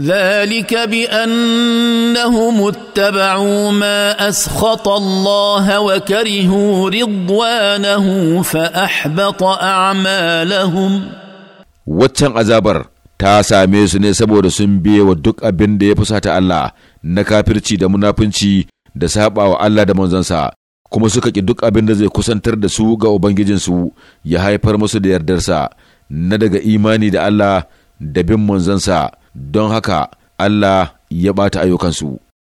ذلك بانهم اتبعوا ما اسخط الله وكرهوا رضوانه فاحبط اعمالهم waccan azabar ta same su ne saboda sun biye wa duk abin da ya fusata Allah na kafirci da munafunci da saɓawa Allah da manzansa kuma suka ƙi duk abin da zai kusantar da su ga ubangijinsu ya haifar musu da yardarsa na daga imani da Allah da bin manzansa don haka Allah ya ɓata ayyukansu.